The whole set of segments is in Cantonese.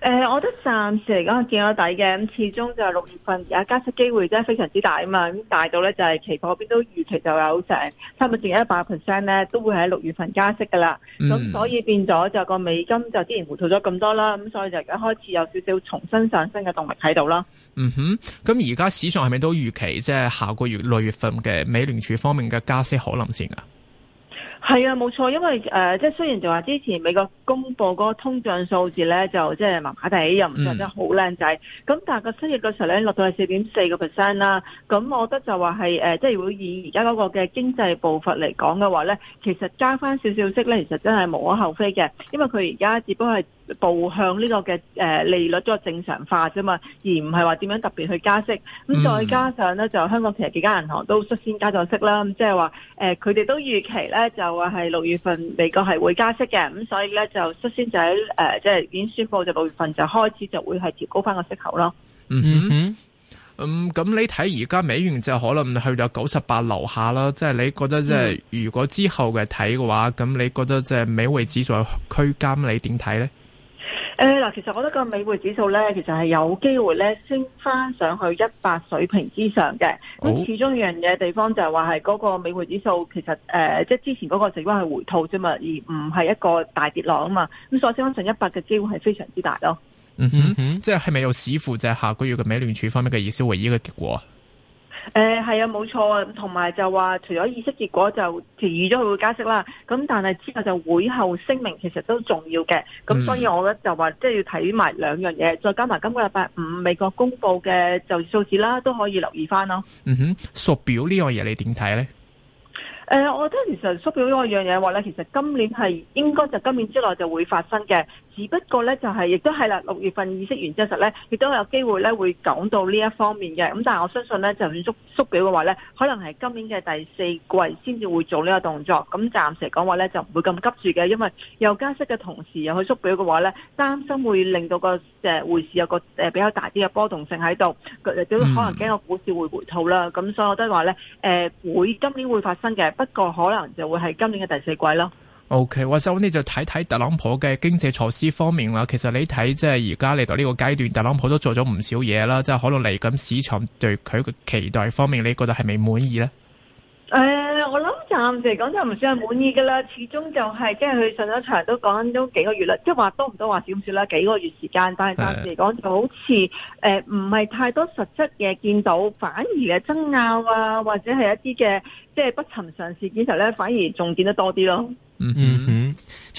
誒、呃，我覺得暫時嚟講見咗底嘅，咁始終就係六月份而家加息機會，真係非常之大啊嘛。咁大到咧就係期貨邊都預期就有成差唔多佔一百 percent 咧，都會喺六月份加息噶啦。咁、嗯、所以變咗就個美金就之前回吐咗咁多啦，咁所以就而家開始有少少重新上升嘅動力喺度啦。嗯哼，咁而家市場係咪都預期即係、就是、下個月六月份嘅美聯儲方面嘅加息可能性？啊？係啊，冇錯，因為誒，即、呃、係雖然就話之前美國公布嗰個通脹數字咧，就即係麻麻地，又唔算得好靚仔，咁、嗯、但係個失業個數咧落到去四點四個 percent 啦，咁我覺得就話係誒，即係如果以而家嗰個嘅經濟步伐嚟講嘅話咧，其實加翻少少息咧，其實真係無可厚非嘅，因為佢而家只不過係。步向呢個嘅誒利率都係正常化啫嘛，而唔係話點樣特別去加息。咁、嗯、再加上咧，就香港其實幾間銀行都率先加咗息啦。咁即係話誒，佢、呃、哋都預期咧就係六月份美國係會加息嘅。咁所以咧就率先、呃、就喺誒即係已經宣布就六月份就開始就會係調高翻個息口咯。嗯哼嗯，咁你睇而家美元就可能去到九十八樓下啦。即、就、係、是、你覺得即係如果之後嘅睇嘅話，咁、嗯、你覺得即係美元指數區間你點睇咧？誒、呃、嗱，其實我覺得個美匯指數咧，其實係有機會咧升翻上去一百水平之上嘅。咁其中一樣嘢地方就係話係嗰個美匯指數，其實誒、呃，即係之前嗰個就係回吐啫嘛，而唔係一個大跌浪啊嘛。咁所以升翻上一百嘅機會係非常之大咯。嗯哼，嗯哼即係係咪又視乎就係下個月嘅美聯儲方面嘅意思，唯一嘅結果。誒、呃，係啊，冇錯，同埋就話除咗意識結果就其預咗佢會加息啦。咁但係之後就會後聲明其實都重要嘅。咁所以我覺得，就話即係要睇埋兩樣嘢，再加埋今個禮拜五美國公布嘅就業數字啦，都可以留意翻咯。嗯哼，縮表這你麼看呢個嘢你點睇咧？誒、呃，我覺得其實縮表呢個樣嘢話咧，其實今年係應該就今年之內就會發生嘅。只不過咧就係、是，亦都係啦。六月份議息完之後咧，亦都有機會咧會講到呢一方面嘅。咁但係我相信咧，就算縮縮表嘅話咧，可能係今年嘅第四季先至會做呢個動作。咁暫時講話咧就唔會咁急住嘅，因為又加息嘅同時又去縮表嘅話咧，擔心會令到個誒匯市有個誒比較大啲嘅波動性喺度，亦都可能驚個股市會回吐啦。咁、嗯、所以我都係話咧，會、呃、今年會發生嘅，不過可能就會係今年嘅第四季咯。OK，我就呢就睇睇特朗普嘅經濟措施方面啦。其實你睇即係而家嚟到呢個階段，特朗普都做咗唔少嘢啦。即係可能嚟緊市場對佢嘅期待方面，你覺得係咪滿意呢？誒、呃，我諗暫時嚟講就唔算係滿意噶啦。始終就係、是、即係佢上咗場都講緊都幾個月啦，即係話多唔多話少少啦，幾個月時間。但係暫時嚟講就好似誒唔係太多實質嘅見到，反而係爭拗啊，或者係一啲嘅即係不尋常事件時候咧，反而仲見得多啲咯。嗯哼哼。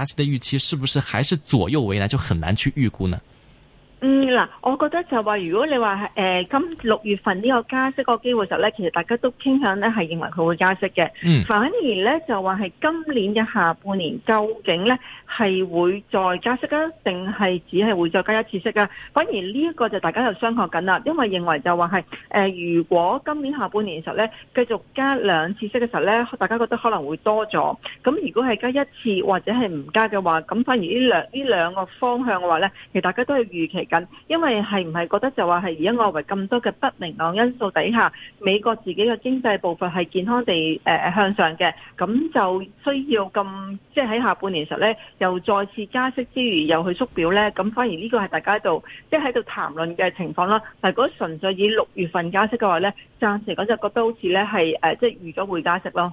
加息的預期是不是還是左右為難，就很難去預估呢？嗯嗱，我覺得就話如果你話係、呃、今六月份呢個加息個機會時候咧，其實大家都傾向咧係認為佢會加息嘅。嗯，反而咧就話係今年嘅下半年究竟咧係會再加息啊，定係只係會再加一次息啊？反而呢一個就大家又商榷緊啦，因為認為就話係誒如果今年下半年時候咧繼續加兩次息嘅時候咧，大家覺得可能會多咗。咁如果係加一次或者係唔加嘅話，咁反而呢兩呢兩個方向嘅話咧，其實大家都係預期。咁，因為係唔係覺得就話係而家外圍咁多嘅不明朗因素底下，美國自己嘅經濟部分係健康地誒向上嘅，咁就需要咁即係喺下半年時候咧，又再次加息之餘又去縮表咧，咁反而呢個係大家喺度即係喺度談論嘅情況啦。但係如果純粹以六月份加息嘅話咧，暫時講就覺得好似咧係誒即係預咗會加息咯。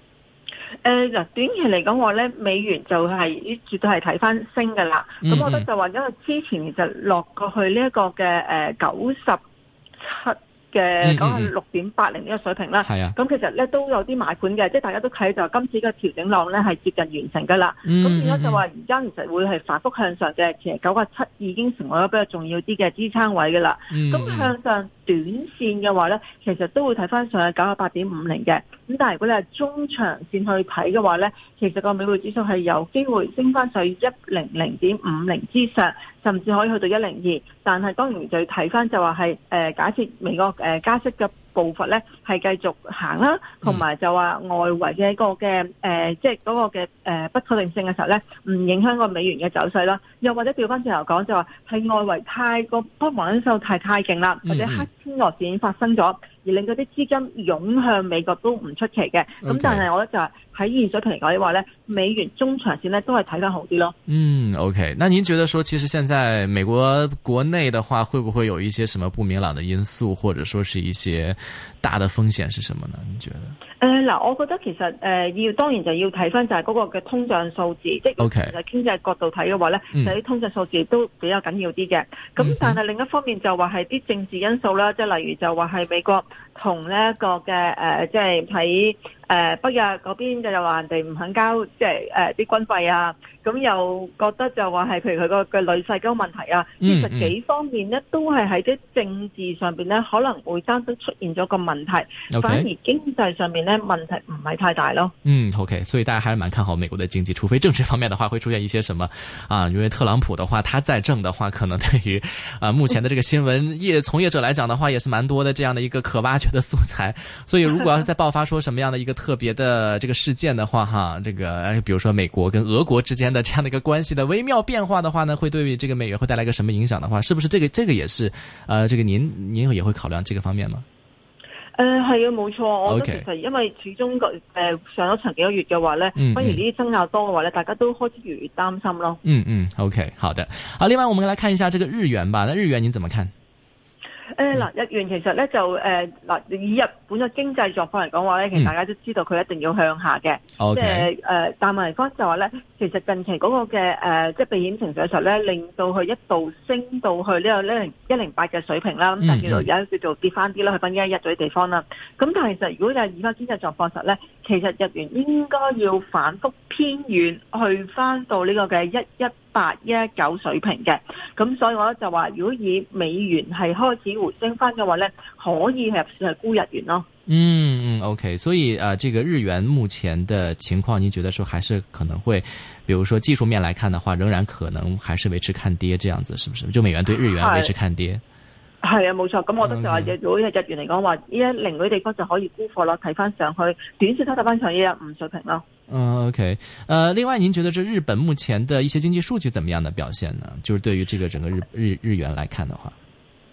誒，嗱，短期嚟講話咧，美元就係、是、絕對係睇翻升噶啦。咁、嗯、我覺得就話因為之前其實落過去呢、這、一個嘅誒九十七嘅嗰個六點八零呢個水平啦。係、嗯、啊。咁、嗯、其實咧都有啲買盤嘅，即係大家都睇就今次呢個調整浪咧係接近完成噶啦。咁變咗就話而家其實會係反復向上嘅，其實九啊七已經成為咗比較重要啲嘅支撐位噶啦。咁、嗯、向上。短線嘅話呢，其實都會睇翻上去九十八點五零嘅。咁但係如果你係中長線去睇嘅話呢，其實個美匯指數係有機會升翻上一零零點五零之上，甚至可以去到一零二。但係當然就要睇翻就話係誒，假設美國誒加息嘅。步伐咧係繼續行啦，同埋就話外圍嘅一個嘅誒，即係嗰個嘅、那、誒、個呃、不確定性嘅時候咧，唔影響個美元嘅走勢啦。又或者調翻轉頭講，就話係外圍太個不穩定因素太太勁啦，或者黑天鵝事件發生咗。而令嗰啲資金湧向美國都唔出奇嘅，咁、okay. 但係我咧就係喺現水平嚟講嘅話咧，美元中長線咧都係睇翻好啲咯。嗯，OK。那您覺得說，其實現在美國國內嘅話，會唔會有一些什麼不明朗嘅因素，或者說是一些大嘅風險是什麼呢？你覺得？誒、呃、嗱，我覺得其實誒要、呃、當然就要睇翻就係嗰個嘅通脹數字，即 OK。喺經濟角度睇嘅話咧、嗯，就啲、是、通脹數字都比較緊要啲嘅。咁、嗯嗯、但係另一方面就話係啲政治因素啦，即、嗯、係例如就話係美國。同呢一個嘅誒，即係喺，就是誒、呃，北約嗰邊就話人哋唔肯交，即係誒啲軍費啊，咁又覺得就話係佢佢個個女婿嗰個問題啊，其、嗯嗯、實幾方面呢都係喺啲政治上邊呢可能會單獨出現咗個問題，okay, 反而經濟上面呢問題唔係太大咯。嗯，OK，所以大家還是蠻看好美國的經濟，除非政治方面的話會出現一些什麼啊，因為特朗普的話，他在政的話，可能對於啊目前的這個新聞業、嗯、從業者來講的話，也是蠻多的這樣的一個可挖掘的素材。所以如果要係再爆發出什麼樣的一個。特別的這個事件的話，哈，這個比如說美國跟俄國之間的這樣的一個關係的微妙變化的話呢，會對於這個美元會帶來一個什麼影響的話，是不是這個這個也是，呃，這個您您也會考量這個方面嗎？呃，係啊，冇錯，我覺得其實、okay. 因為始終個，呃上咗長幾個月嘅話呢，反而呢啲增壓多嘅話呢，大家都開始越嚟越擔心咯。嗯嗯，OK，好的。好，另外我們來看一下這個日元吧。那日元您怎麼看？誒嗱日元其實咧就誒嗱以日本嘅經濟狀況嚟講，話咧，其實大家都知道佢一定要向下嘅，嗯，即係誒。呃 okay. 但問題就係話咧，其實近期嗰，那個嘅誒即係避險情緒嘅時候咧，令到佢一度升到去呢個呢零一零八嘅水平啦。咁，嗯嗯，但係原來而家叫做跌翻啲啦，去翻一一咗啲地方啦。咁但係其實如果你係以翻經濟狀況實咧，其實日元應該要反覆偏軟，去翻到呢個嘅一一。八一九水平嘅，咁所以我就話，如果以美元係開始回升翻嘅話咧，可以入市係沽日元咯。嗯，OK，所以啊、呃，這個日元目前的情況，您覺得說還是可能會，比如說技術面來看的話，仍然可能還是維持看跌這樣子，是不是？就美元對日元維持看跌？係啊，冇錯，咁、嗯嗯、我覺得就係如果日元嚟講話，依一零嘅地方就可以沽貨咯，睇翻上去，短線睇睇翻上一日五水平咯。啊、嗯、OK，呃，另外，您覺得這日本目前的一些經濟數據怎麼樣的表現呢？就是對於這個整個日日日元來看的話。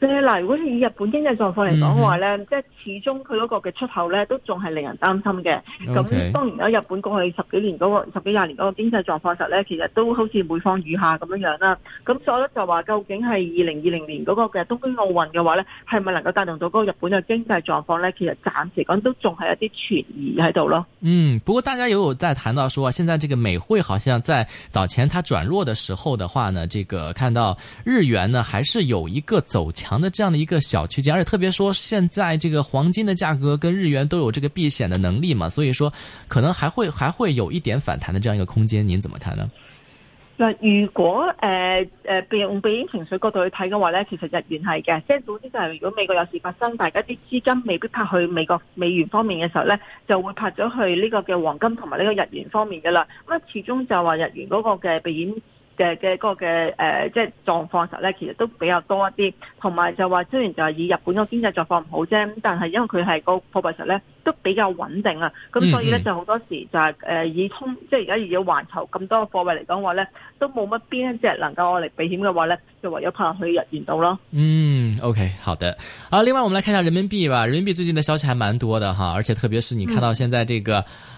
即係嗱，如果以日本經濟狀況嚟講嘅話咧，即、嗯、係始終佢嗰個嘅出口咧，都仲係令人擔心嘅。咁、okay。當然啦，日本過去十幾年嗰個十幾廿年嗰個經濟狀況實咧，其實都好似每況愈下咁樣樣啦。咁所以咧就話，究竟係二零二零年嗰個嘅東京奧運嘅話咧，係咪能夠帶動到嗰個日本嘅經濟狀況咧？其實暫時講都仲係一啲存疑喺度咯。嗯，不過大家也有冇再談到說，說現在這個美匯好像在早前它轉弱的時候的話呢，這個看到日元呢，還是有一個走強。行的這樣的一個小區間，而且特別說，現在這個黃金的價格跟日元都有這個避險的能力嘛，所以說可能還會還會有一點反彈的這樣一個空間，您怎麼看呢？嗱，如果誒誒、呃呃，用避險情緒角度去睇嘅話呢，其實日元係嘅，即係總之就係如果美國有事發生，大家啲資金未必拍去美國美元方面嘅時候呢，就會拍咗去呢個嘅黃金同埋呢個日元方面噶啦。咁啊，始終就話日元嗰個嘅避險。嘅嘅個嘅誒、呃，即係狀況實咧，其實都比較多一啲，同埋就話雖然就係以日本個經濟狀況唔好啫，但係因為佢係個貨幣實咧都比較穩定啊，咁所以咧就好多時就係誒以通、嗯嗯、即係而家如果環球咁多貨幣嚟講話咧，都冇乜邊一隻能夠我哋嚟避險嘅話咧，就唯有泊去日元度咯嗯。嗯，OK，好嘅。好，另外我哋嚟睇下人民幣吧。人民幣最近嘅消息還蠻多嘅，哈，而且特別是你看到現在這個。嗯嗯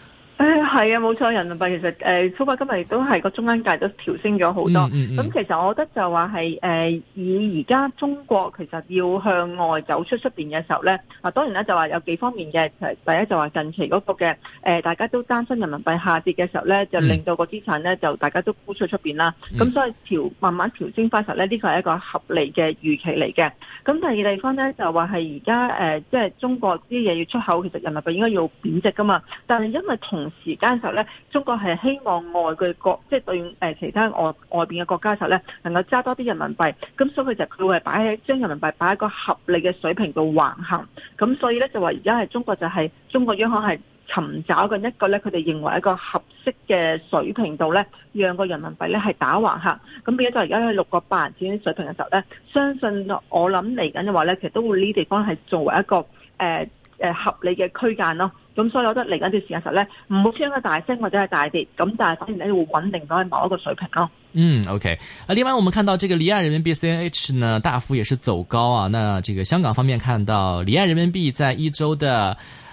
係啊，冇錯，人民幣其實誒，早、呃、今日亦都係個中間價都調升咗好多。咁、嗯嗯嗯嗯、其實我覺得就話係誒，以而家中國其實要向外走出出邊嘅時候咧，當然呢，就話有幾方面嘅第一就話近期嗰個嘅大家都擔心人民幣下跌嘅時候咧、嗯，就令到個資產咧就大家都高出出邊啦。咁、嗯嗯、所以調慢慢調升翻實咧，呢個係一個合理嘅預期嚟嘅。咁第二地方咧就話係而家誒，即、呃、係、就是、中國啲嘢要出口，其實人民幣應該要貶值㗎嘛。但係因為同時，間時候咧，中國係希望外嘅國，即係對誒其他外外邊嘅國家時候咧，能夠揸多啲人民幣。咁所以就佢會係擺喺將人民幣擺喺一個合理嘅水平度橫行。咁所以咧就話而家係中國就係中國央行係尋找緊一個咧，佢哋認為一個合適嘅水平度咧，讓個人民幣咧係打橫行。咁變咗就而家喺六個八蚊錢水平嘅時候咧，相信我諗嚟緊嘅話咧，其實都會呢地方係作為一個誒。呃誒、呃，合理嘅區間咯，咁所以我覺得嚟緊段時間實咧，唔好聽佢大升或者係大跌，咁但係反而咧會穩定到喺某一個水平咯。嗯，OK，啊，另外我們看到這個離岸人民幣 CNH 呢，大幅也是走高啊，那這個香港方面看到離岸人民幣在一周的。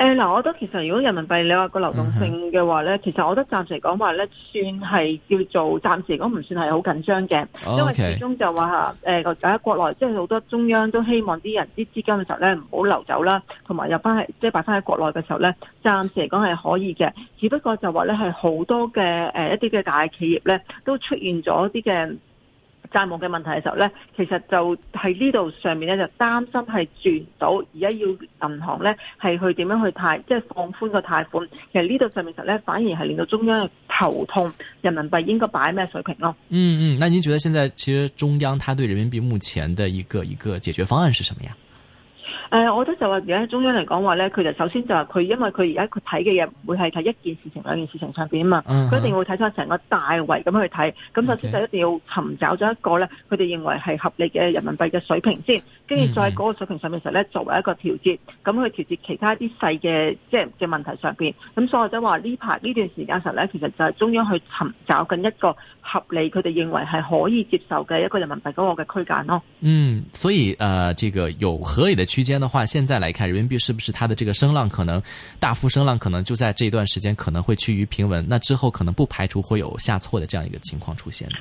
誒、呃、嗱，我覺得其實如果人民幣你話個流動性嘅話咧、嗯，其實我覺得暫時嚟講話咧，算係叫做暫時嚟講唔算係好緊張嘅，oh, okay. 因為始終就話嚇誒，家、呃、國內即係好多中央都希望啲人啲資金嘅時候咧唔好流走啦，同埋入翻去即係擺翻喺國內嘅時候咧，暫時嚟講係可以嘅，只不過就話咧係好多嘅、呃、一啲嘅大企業咧都出現咗一啲嘅，債務嘅問題嘅時候咧，其實就喺呢度上面咧就擔心係轉到而家要銀行咧係去點樣去貸，即係放寬個貸款。其實呢度上面實咧反而係令到中央頭痛，人民幣應該擺咩水平咯？嗯嗯，那你覺得現在其實中央他對人民幣目前的一個一個解決方案是什麼呀？誒、呃，我覺得就話而家中央嚟講話咧，佢就首先就話佢，因為佢而家佢睇嘅嘢唔會係睇一件事情兩件事情上面啊嘛，佢、uh -huh. 一定會睇翻成個大圍咁去睇。咁首先就一定要尋找咗一個咧，佢哋認為係合理嘅人民幣嘅水平先，跟住再嗰個水平上面時候咧，作為一個調節，咁、mm -hmm. 去調節其他啲細嘅即係嘅問題上面。咁所以就話呢排呢段時間時候咧，其實就係中央去尋找緊一個合理佢哋認為係可以接受嘅一個人民幣嗰個嘅區間咯。嗯、mm -hmm.，所以、呃這個、有合理的區間。的話，現在來看，人民幣是不是它的這個升浪可能大幅升浪，可能就在這一段時間可能會趨於平穩，那之後可能不排除會有下挫的這樣一個情況出現的。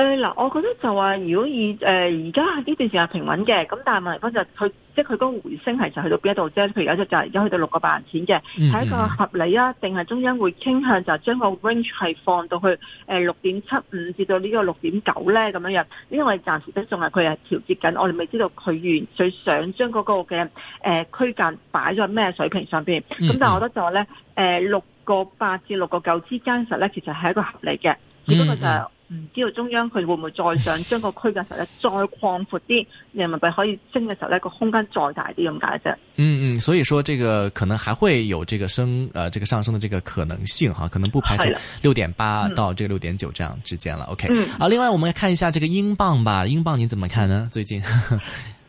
誒，嗱，我覺得就話，如果以誒而家呢段時間係平穩嘅，咁但係問題就係佢，即係佢個回升係就去到邊一度啫。譬如而家就係而家去到六個八錢嘅，係、嗯、一個合理啊？定係中央會傾向就將個 range 係放到去誒六點七五至到個呢個六點九咧咁樣樣因為暫時都仲係佢係調節緊，我哋未知道佢完最想將嗰、那個嘅誒、呃、區間擺咗咩水平上邊。咁、嗯嗯、但係我覺得就話咧，誒六個八至六個九之間實咧，其實係一個合理嘅、嗯，只不過就係、是。唔知道中央佢會唔會再想將個區嘅時候咧再擴闊啲，人民幣可以升嘅時候咧個空間再大啲咁解啫。嗯嗯，所以說這個可能還會有這個升，誒、呃，這個上升的這個可能性哈，可能不排除六點八到這個六點九這樣之間了。OK，、嗯、啊，另外我們看一下這個英鎊吧，英鎊你怎麼看呢？最近？嗯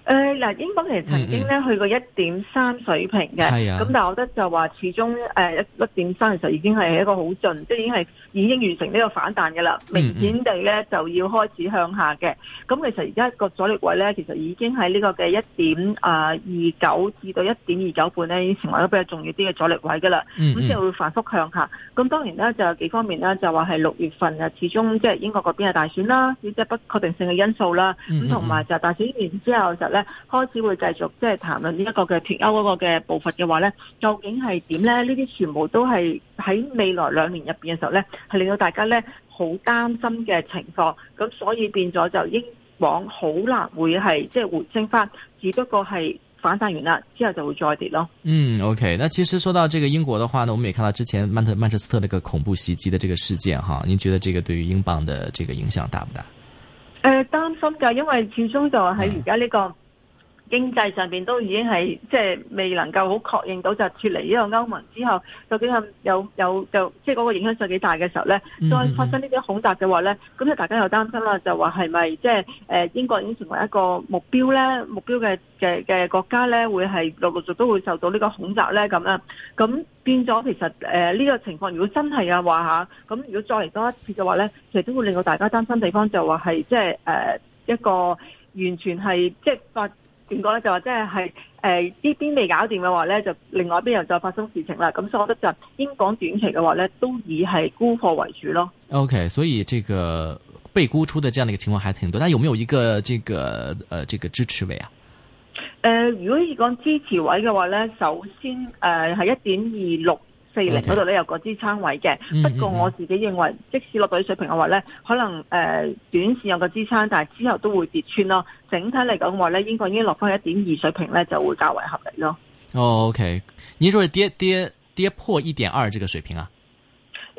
誒嗱，英國其實曾經咧去過一點三水平嘅，咁、mm-hmm. 但係我覺得就話始終誒一一點三其實已經係一個好盡，即係已經係已經完成呢個反彈㗎啦，明顯地咧就要開始向下嘅。咁其實而家個阻力位咧，其實已經喺呢個嘅一點啊二九至到一點二九半咧，已經成為一個比較重要啲嘅阻力位㗎啦。咁之後會反覆向下。咁當然咧就有幾方面咧，就話係六月份啊，始終即係英國嗰邊係大選啦，呢啲即係不確定性嘅因素啦。咁同埋就係大選完之後就咧。開始會繼續即係談論呢一個嘅脱歐嗰個嘅步伐嘅話咧，究竟係點咧？呢啲全部都係喺未來兩年入邊嘅時候咧，係令到大家咧好擔心嘅情況，咁所以變咗就英鎊好難會係即係回升翻，只不過係反彈完啦之後就會再跌咯。嗯，OK。那其實說到這個英國嘅話呢，我們也看到之前曼特曼徹斯特呢個恐怖襲擊嘅這個事件哈，你覺得這個對於英鎊的這個影響大唔大？誒、呃，擔心噶，因為始終就喺而家呢個、嗯。經濟上面都已經係即係未能夠好確認到就脫離呢個歐盟之後，究竟有有就即係嗰個影響上幾大嘅時候咧，再、mm -hmm. 發生呢啲恐襲嘅話咧，咁大家又擔心啦，就話係咪即係誒英國已經成為一個目標咧？目標嘅嘅嘅國家咧，會係陸陸續都會受到呢個恐襲咧咁樣？咁變咗其實呢、呃呢個情況，如果真係啊話下，咁如果再嚟多一次嘅話咧，其實都會令到大家擔心地方就話係即係誒、呃、一個完全係即點講咧，就、呃、話即係，誒呢邊未搞掂嘅話咧，就另外一邊又再發生事情啦。咁所以我覺得就，英國短期嘅話咧，都以係沽貨為主咯。OK，所以這個被沽出的這樣的一個情況還挺多，但有沒有一個這個，呃、這個支持位啊？誒、呃，如果講支持位嘅話咧，首先誒係一點二六。呃零嗰度咧，有個支撐位嘅，不過我自己認為，即使落到水平嘅話咧，可能誒、呃、短線有個支撐，但之後都會跌穿咯。整體嚟講嘅話咧，應該已經落翻一點二水平咧，就會較為合理咯。哦、oh，OK，你話跌跌跌破一點二這個水平啊？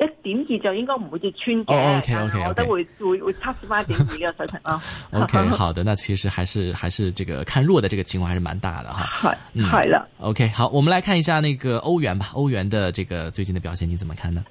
一點二就應該唔會跌穿嘅，oh, okay, okay, okay. 我覺得會會會測試翻一點二嘅水平 OK， 好那其實還是還是這個看弱的這個情況還是蠻大嘅哈。係、 嗯，係啦。OK，好，我們來看一下那個歐元吧。歐元的這個最近的表現，你怎麼看呢？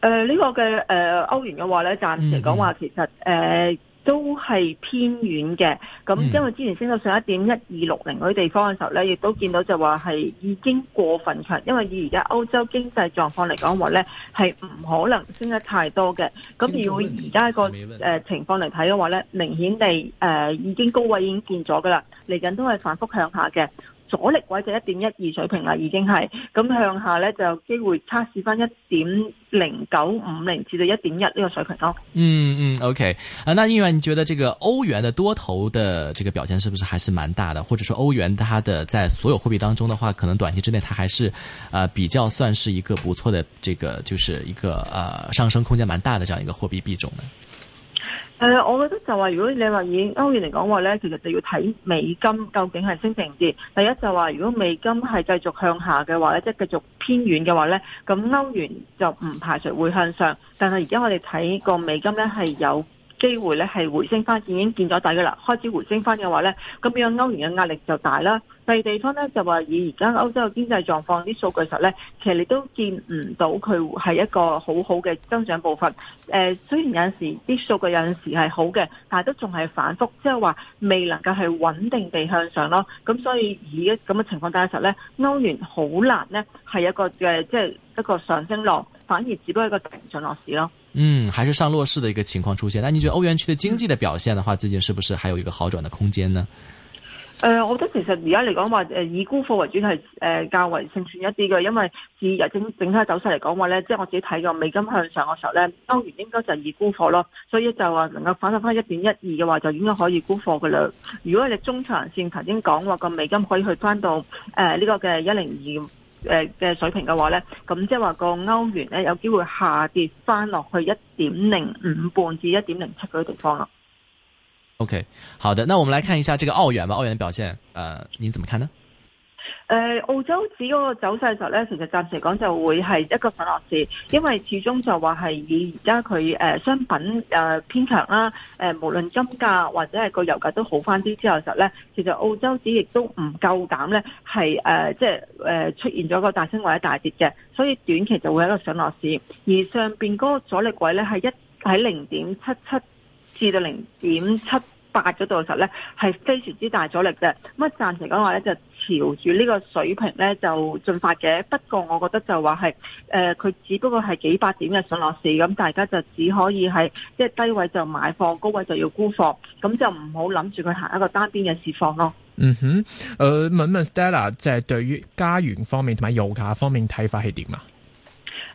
誒、呃，這個呃、呢個嘅誒，歐元嘅話咧，暫時嚟講話其實誒。嗯呃都係偏遠嘅，咁因為之前升到上一點一二六零嗰啲地方嘅時候呢，亦都見到就話係已經過分強，因為以而家歐洲經濟狀況嚟講話呢，係唔可能升得太多嘅，咁如果而家個誒情況嚟睇嘅話呢，明顯地誒、呃、已經高位已經見咗噶啦，嚟緊都係反覆向下嘅。阻力位就一點一二水平啦，已經係咁向下呢，就有機會測試翻一點零九五零至到一點一呢個水平咯。嗯嗯，OK 啊，那另外，你覺得這個歐元的多頭的這個表現是不是還是蠻大的？或者說，歐元它的在所有貨幣當中的話，可能短期之內它還是呃比較算是一個不錯的這個，就是一個呃上升空間蠻大的這樣一個貨幣幣種呢？係、呃、啊，我覺得就話如果你話以歐元嚟講話咧，其實就要睇美金究竟係升定跌。第一就話如果美金係繼續向下嘅話咧，即、就、係、是、繼續偏軟嘅話咧，咁歐元就唔排除會向上。但係而家我哋睇個美金咧係有機會咧係回升翻，已經見咗底噶啦。開始回升翻嘅話咧，咁樣歐元嘅壓力就大啦。第二地方咧就話以而家歐洲嘅經濟狀況啲數據實咧，其實你都見唔到佢係一個好好嘅增長部分。誒，雖然有陣時啲數據有陣時係好嘅，但係都仲係反覆，即係話未能夠係穩定地向上咯。咁所以以咁嘅情況底下實咧，歐元好難咧係一個嘅即係一個上升浪，反而只不過係一個平準落市咯。嗯，還是上落市的一個情況出現。但你覺得歐元區的經濟的表現的話，最近是不是還有一個好轉的空間呢？誒、呃，我覺得其實而家嚟講話，誒、呃、以沽貨為主係誒、呃、較為勝算一啲嘅，因為自日整整體走勢嚟講話咧，即係我自己睇個美金向上嘅時候咧，歐元應該就係以沽貨咯。所以就話能夠反彈翻一點一二嘅話，就應該可以沽貨噶啦。如果你中長線頭先講話個美金可以去翻到誒呢、呃這個嘅一零二。誒嘅水平嘅話咧，咁即係話個歐元咧，有機會下跌翻落去一點零五半至一點零七嗰地方啦。OK，好的，那我們來看一下這個澳元吧，澳元嘅表現，誒、呃，您怎麼看呢？誒，澳洲指嗰個走勢嘅時候咧，其實暫時講就會係一個上落市，因為始終就話係以而家佢誒商品誒偏強啦。誒，無論金價或者係個油價都好翻啲之後嘅時候咧，其實澳洲指亦都唔夠膽咧，係誒即係誒出現咗個大升或者大跌嘅，所以短期就會一個上落市。而上邊嗰個阻力位咧係一喺零點七七至到零點七八嗰度嘅時候咧，係非常之大阻力嘅。咁啊，暫時講話咧就。調住呢個水平咧就進發嘅，不過我覺得就話係誒，佢、呃、只不過係幾百點嘅上落市，咁大家就只可以係即係低位就買貨，高位就要沽貨，咁就唔好諗住佢行一個單邊嘅市況咯。嗯哼，誒、呃，問一問 Stella，即係對於加元方面同埋油價方面睇法係點啊？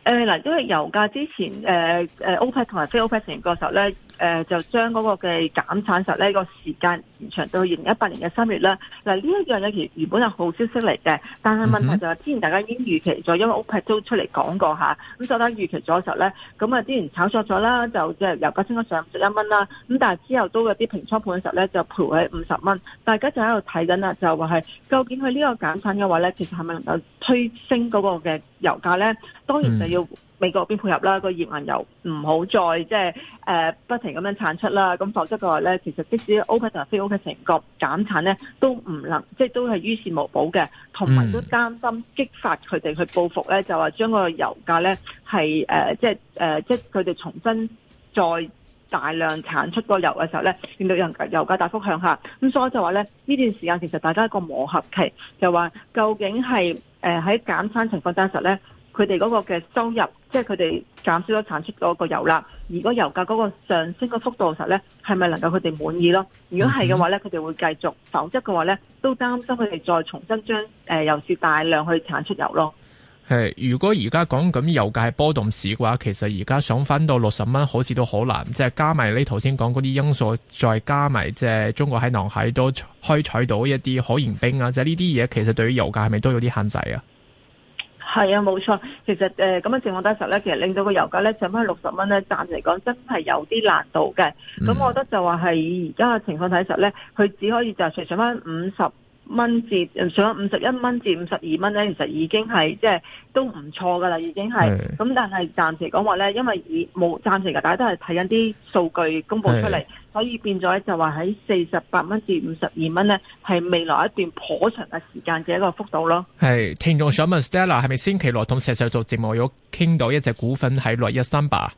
誒，嗱，因為油價之前誒誒，OPEC 同埋非 OPEC 成個時候咧。誒、呃，就將嗰個嘅減產實呢、這個時間延長到二零一八年嘅三月啦。嗱，呢一樣咧其實原本係好消息嚟嘅，但係問題就係之前大家已經預期咗，因為 OPEC 都出嚟講過吓，咁所以預期咗嘅時候咧，咁啊之前炒作咗啦，就即係油價升咗上十一蚊啦，咁但係之後都有啲平倉盤嘅時候咧就賠喺五十蚊，大家就喺度睇緊啦就話係究竟佢呢個減產嘅話咧，其實係咪能夠推升嗰個嘅油價咧？當然就要。美國邊配合啦？嗰個頁岩油唔好再即係誒不停咁樣產出啦，咁否則嘅話咧，其實即使 OPEC 同非 OPEC 成個減產咧，都唔能即係都係於事無補嘅，同埋都擔心激發佢哋去報復咧，就話將個油價咧係、呃、即係、呃、即係佢哋重新再大量產出個油嘅時候咧，令到油價油價大幅向下。咁所以就話咧，呢段時間其實大家一個磨合期，就話究竟係喺、呃、減產情況底下實咧。佢哋嗰個嘅收入，即係佢哋減少咗產出嗰個油量。如果油價嗰個上升嘅幅度實咧，係咪能夠佢哋滿意咯？如果係嘅話咧，佢哋會繼續；否則嘅話咧，都擔心佢哋再重新將誒油市大量去產出油咯。係，如果而家講緊油價係波動市嘅話，其實而家想翻到六十蚊，好似都好難。即係加埋你頭先講嗰啲因素，再加埋即係中國喺南海都開採到一啲可燃冰啊！即係呢啲嘢其實對於油價係咪都有啲限制啊？係啊，冇錯。其實誒咁嘅情況底下時咧，其實令到個油價咧上翻六十蚊咧，暫時嚟講真係有啲難度嘅。咁、嗯、我覺得就話係而家嘅情況底下咧，佢只可以就係上翻五十蚊至上返五十一蚊至五十二蚊咧，其實已經係即係都唔錯噶啦，已經係。咁但係暫時講話咧，因為以冇暫時嘅，大家都係睇緊啲數據公佈出嚟。所以變咗咧就話喺四十八蚊至五十二蚊咧，係未來一段頗長嘅時間嘅一個幅度咯。係聽眾想問 Stella，係咪星期六同石 s 做節目有傾到一隻股份喺六一三八？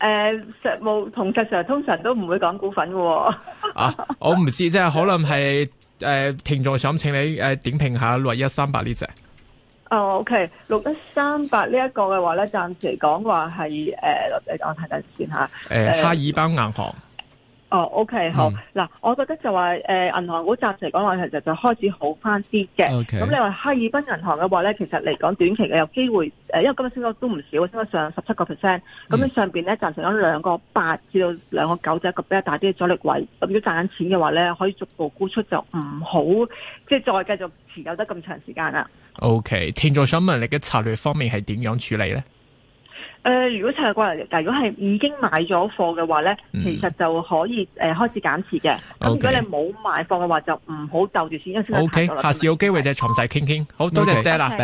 誒，石冇同石 Sir 通常都唔會講股份喎、哦。啊，我唔知，即 係可能係誒、呃，聽眾想請你誒點評下六一三八呢隻。哦，OK，六一三八呢一個嘅話咧，暫時講話係誒，我睇睇先吓。誒、呃，哈爾濱銀行。哦、oh，OK，好。嗱、嗯，我覺得就話、是，誒、呃、銀行股暫時嚟講話，其實就開始好翻啲嘅。咁、okay, 你話哈爾濱銀行嘅話咧，其實嚟講短期嘅有機會，誒、呃、因為今日升咗都唔少，升咗上十七、嗯、個 percent。咁你上邊咧賺成咗兩個八至到兩個九，即係個比較大啲嘅阻力位。咁要賺錢嘅話咧，可以逐步沽出就，就唔好即係再繼續持有得咁長時間啦。OK，天助想問你嘅策略方面係點樣處理咧？誒、呃，如果係過嚟，但如果係已經買咗貨嘅話咧、嗯，其實就可以誒、呃、開始減持嘅。咁、okay. 如果你冇賣貨嘅話，就唔好就住先，因為先睇 O K，下次有機會就係詳細傾傾。好、okay. 多謝 Stella、okay.